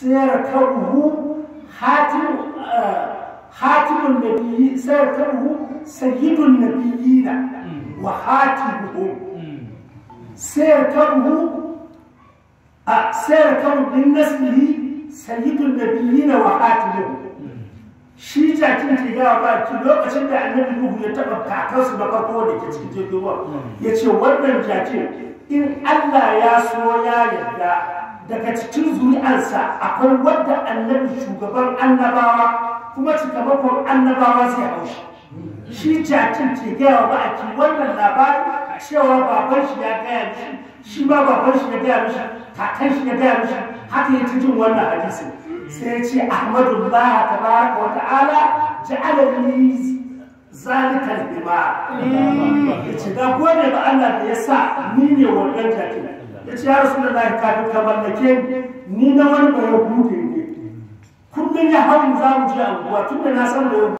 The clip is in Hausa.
سيركبه خاتم خاتم النبي سيركبه سيد النبيين وخاتمهم سيركبه سيركب من نسله سيد النبيين وخاتمهم shi jakin ke gawa ba ki lokacin da annabi nuhu ya taba kakansu da farko da ke cikin jirgin ruwa ya ce wannan jakin in allah ya so ya yarda daga cikin zuri'arsa akwai wadda annabi shugaban annabawa kuma cikamakon annabawa zai haushi shi jacin ce gaya wa ba'aki wannan labarin cewa baban shi ya gaya mishi shi ma baban shi ya gaya mishi kakan shi ya gaya mishi haka ya jin wannan hadisi sai ya ce ahmadullah tabaraka wa ta'ala ja'ala li zalikal bima ya ce da gode ba Allah da ya sa ni ne wannan jacin ya ce ya rasu da kafin ka mallake ni na wani ba ya bude ya hau za mu je anguwa tunda na san da